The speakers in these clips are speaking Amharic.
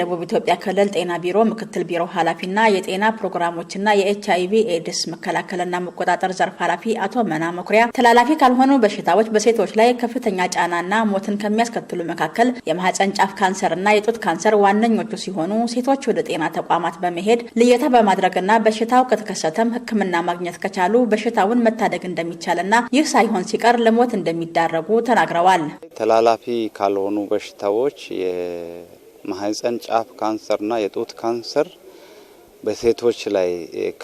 ደቡብ ኢትዮጵያ ክልል ጤና ቢሮ ምክትል ቢሮ ኃላፊና የጤና ፕሮግራሞችና የኤች አይቪ ኤድስ መከላከልና መቆጣጠር ዘርፍ ኃላፊ አቶ መና መኩሪያ ተላላፊ ካልሆኑ በሽታዎች በሴቶች ላይ ከፍተኛ ጫናና ሞትን ከሚያስከትሉ መካከል የማህፀን ጫፍ ካንሰርና የጡት ካንሰር ዋነኞቹ ሲሆኑ ሴቶች ወደ ጤና ተቋማት በመሄድ ልየታ በማድረግና በሽታው ከተከሰተም ሕክምና ማግኘት ከቻሉ በሽታውን መታደግ እንደሚቻልና ይህ ሳይሆን ሲቀር ለሞት እንደሚዳረጉ ተናግረዋል። ተላላፊ ካልሆኑ በሽታዎች ማህፀን ጫፍ ካንሰርና የጡት ካንሰር በሴቶች ላይ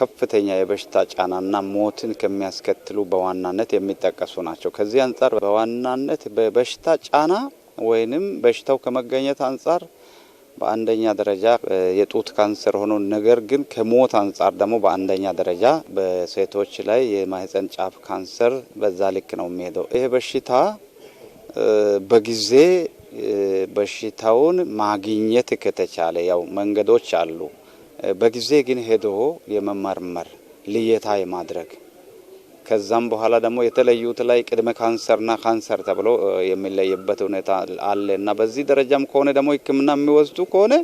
ከፍተኛ የበሽታ ጫናና ሞትን ከሚያስከትሉ በዋናነት የሚጠቀሱ ናቸው። ከዚህ አንጻር በዋናነት በበሽታ ጫና ወይንም በሽታው ከመገኘት አንጻር በአንደኛ ደረጃ የጡት ካንሰር ሆኖ ነገር ግን ከሞት አንጻር ደግሞ በአንደኛ ደረጃ በሴቶች ላይ የማህፀን ጫፍ ካንሰር በዛ ልክ ነው የሚሄደው። ይሄ በሽታ በጊዜ በሽታውን ማግኘት ከተቻለ ያው መንገዶች አሉ። በጊዜ ግን ሄዶ የመመርመር ልየታ የማድረግ ከዛም በኋላ ደግሞ የተለዩት ላይ ቅድመ ካንሰርና ካንሰር ተብሎ የሚለይበት ሁኔታ አለ እና በዚህ ደረጃም ከሆነ ደግሞ ሕክምና የሚወስዱ ከሆነ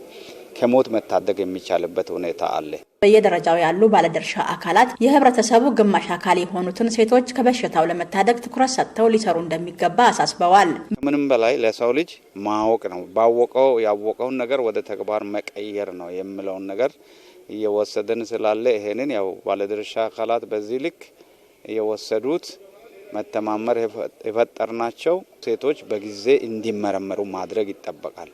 ከሞት መታደግ የሚቻልበት ሁኔታ አለ። በየደረጃው ያሉ ባለድርሻ አካላት የህብረተሰቡ ግማሽ አካል የሆኑትን ሴቶች ከበሽታው ለመታደግ ትኩረት ሰጥተው ሊሰሩ እንደሚገባ አሳስበዋል። ከምንም በላይ ለሰው ልጅ ማወቅ ነው። ባወቀው ያወቀውን ነገር ወደ ተግባር መቀየር ነው የሚለውን ነገር እየወሰድን ስላለ ይሄንን ያው ባለድርሻ አካላት በዚህ ልክ የወሰዱት መተማመር የፈጠር ናቸው። ሴቶች በጊዜ እንዲመረመሩ ማድረግ ይጠበቃል።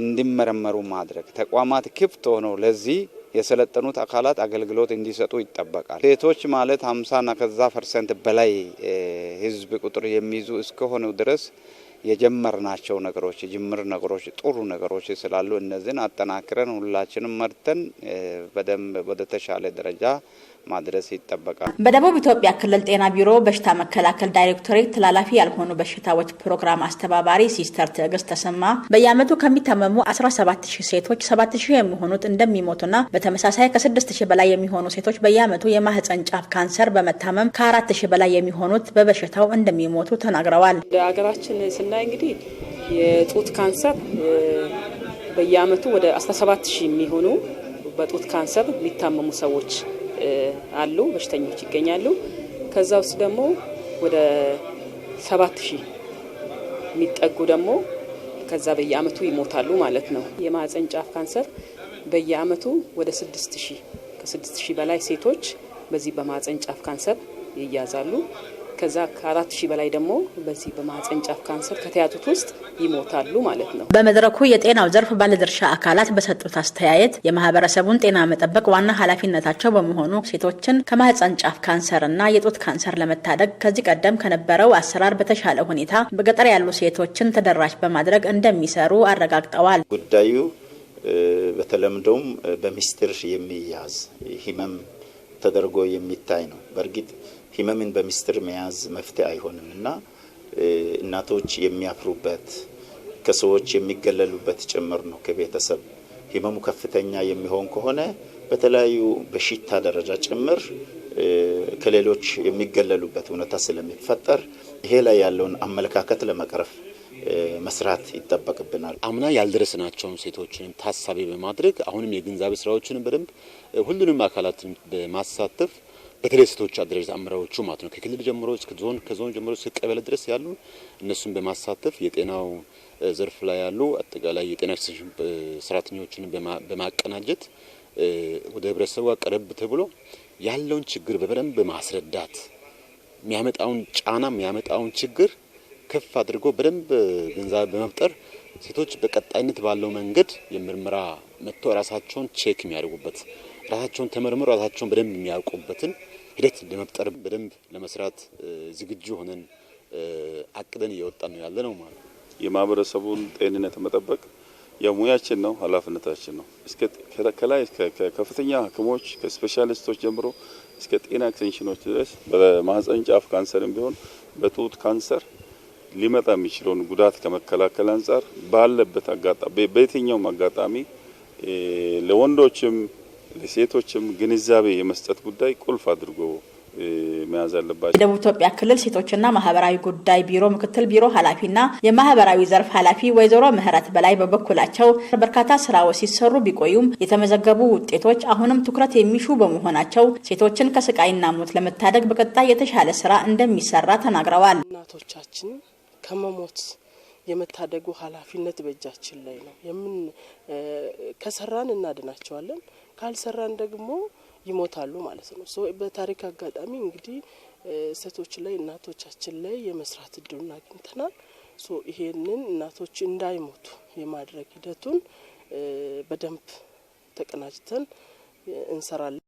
እንዲመረመሩ ማድረግ ተቋማት ክፍት ሆነው ለዚህ የሰለጠኑት አካላት አገልግሎት እንዲሰጡ ይጠበቃል። ሴቶች ማለት ሀምሳና ከዛ ፐርሰንት በላይ ህዝብ ቁጥር የሚይዙ እስከሆኑ ድረስ የጀመርናቸው ነገሮች ጅምር ነገሮች ጥሩ ነገሮች ስላሉ እነዚህን አጠናክረን ሁላችንም መርተን በደንብ ወደ ተሻለ ደረጃ ማድረስ ይጠበቃል። በደቡብ ኢትዮጵያ ክልል ጤና ቢሮ በሽታ መከላከል ዳይሬክቶሬት ተላላፊ ያልሆኑ በሽታዎች ፕሮግራም አስተባባሪ ሲስተር ትዕግስት ተሰማ በየዓመቱ ከሚታመሙ 17000 ሴቶች 7000 የሚሆኑት እንደሚሞቱና በተመሳሳይ ከ6000 በላይ የሚሆኑ ሴቶች በየዓመቱ የማህፀን ጫፍ ካንሰር በመታመም ከ4000 በላይ የሚሆኑት በበሽታው እንደሚሞቱ ተናግረዋል። ሀገራችን ስናይ እንግዲህ የጡት ካንሰር በየዓመቱ ወደ 17000 የሚሆኑ በጡት ካንሰር የሚታመሙ ሰዎች አሉ፣ በሽተኞች ይገኛሉ። ከዛ ውስጥ ደግሞ ወደ ሰባት ሺህ የሚጠጉ ደግሞ ከዛ በየአመቱ ይሞታሉ ማለት ነው። የማህፀን ጫፍ ካንሰር በየአመቱ ወደ ስድስት ሺህ ከስድስት ሺህ በላይ ሴቶች በዚህ በማህፀን ጫፍ ካንሰር ይያዛሉ። ከዛ ከአራት ሺህ በላይ ደግሞ በዚህ በማህፀን ጫፍ ካንሰር ከተያዙት ውስጥ ይሞታሉ ማለት ነው። በመድረኩ የጤናው ዘርፍ ባለድርሻ አካላት በሰጡት አስተያየት የማህበረሰቡን ጤና መጠበቅ ዋና ኃላፊነታቸው በመሆኑ ሴቶችን ከማህፀን ጫፍ ካንሰርና የጡት ካንሰር ለመታደግ ከዚህ ቀደም ከነበረው አሰራር በተሻለ ሁኔታ በገጠር ያሉ ሴቶችን ተደራሽ በማድረግ እንደሚሰሩ አረጋግጠዋል። ጉዳዩ በተለምዶም በሚስጢር የሚያዝ ህመም ተደርጎ የሚታይ ነው። በእርግጥ ህመምን በሚስጥር መያዝ መፍትሄ አይሆንም እና እናቶች የሚያፍሩበት ከሰዎች የሚገለሉበት ጭምር ነው። ከቤተሰብ ህመሙ ከፍተኛ የሚሆን ከሆነ በተለያዩ በሽታ ደረጃ ጭምር ከሌሎች የሚገለሉበት እውነታ ስለሚፈጠር ይሄ ላይ ያለውን አመለካከት ለመቅረፍ መስራት ይጠበቅብናል። አምና ያልደረስናቸውን ሴቶችንም ታሳቢ በማድረግ አሁንም የግንዛቤ ስራዎችንም በደንብ ሁሉንም አካላትን በማሳተፍ በተለይ ሴቶች አደረጅ አምራዎቹ ማለት ነው ከክልል ጀምሮ እስከ ዞን ከዞን ጀምሮ እስከ ቀበሌ ድረስ ያሉ እነሱን በማሳተፍ የጤናው ዘርፍ ላይ ያሉ አጠቃላይ የጤና ኤክስቴንሽን ሰራተኞችን በማቀናጀት ወደ ህብረተሰቡ ቀረብ ተብሎ ያለውን ችግር በደንብ በማስረዳት የሚያመጣውን ጫና የሚያመጣውን ችግር ከፍ አድርጎ በደንብ ግንዛቤ በመፍጠር ሴቶች በቀጣይነት ባለው መንገድ የምርመራ መጥተው ራሳቸውን ቼክ የሚያደርጉበት ራሳቸውን ተመርምሮ ራሳቸውን በደንብ የሚያውቁበትን ሂደት ለመፍጠር በደንብ ለመስራት ዝግጁ ሆነን አቅደን እየወጣ ነው ያለ ነው ማለት ነው። የማህበረሰቡን ጤንነት መጠበቅ የሙያችን ነው፣ ኃላፊነታችን ነው። ከላይ ከፍተኛ ሐኪሞች ከስፔሻሊስቶች ጀምሮ እስከ ጤና ኤክስቴንሽኖች ድረስ በማህፀን ጫፍ ካንሰርም ቢሆን በጡት ካንሰር ሊመጣ የሚችለውን ጉዳት ከመከላከል አንጻር ባለበት አጋጣሚ በየትኛውም አጋጣሚ ለወንዶችም ለሴቶችም ግንዛቤ የመስጠት ጉዳይ ቁልፍ አድርጎ መያዝ አለባቸው። የደቡብ ኢትዮጵያ ክልል ሴቶችና ማህበራዊ ጉዳይ ቢሮ ምክትል ቢሮ ኃላፊና የማህበራዊ ዘርፍ ኃላፊ ወይዘሮ ምህረት በላይ በበኩላቸው በርካታ ስራዎች ሲሰሩ ቢቆዩም የተመዘገቡ ውጤቶች አሁንም ትኩረት የሚሹ በመሆናቸው ሴቶችን ከስቃይና ሞት ለመታደግ በቀጣይ የተሻለ ስራ እንደሚሰራ ተናግረዋል። እናቶቻችን ከመሞት የመታደጉ ኃላፊነት በእጃችን ላይ ነው። የምን ከሰራን እናድናቸዋለን፣ ካልሰራን ደግሞ ይሞታሉ ማለት ነው። በታሪክ አጋጣሚ እንግዲህ ሴቶች ላይ እናቶቻችን ላይ የመስራት እድሉን አግኝተናል። ይሄንን እናቶች እንዳይሞቱ የማድረግ ሂደቱን በደንብ ተቀናጅተን እንሰራለን።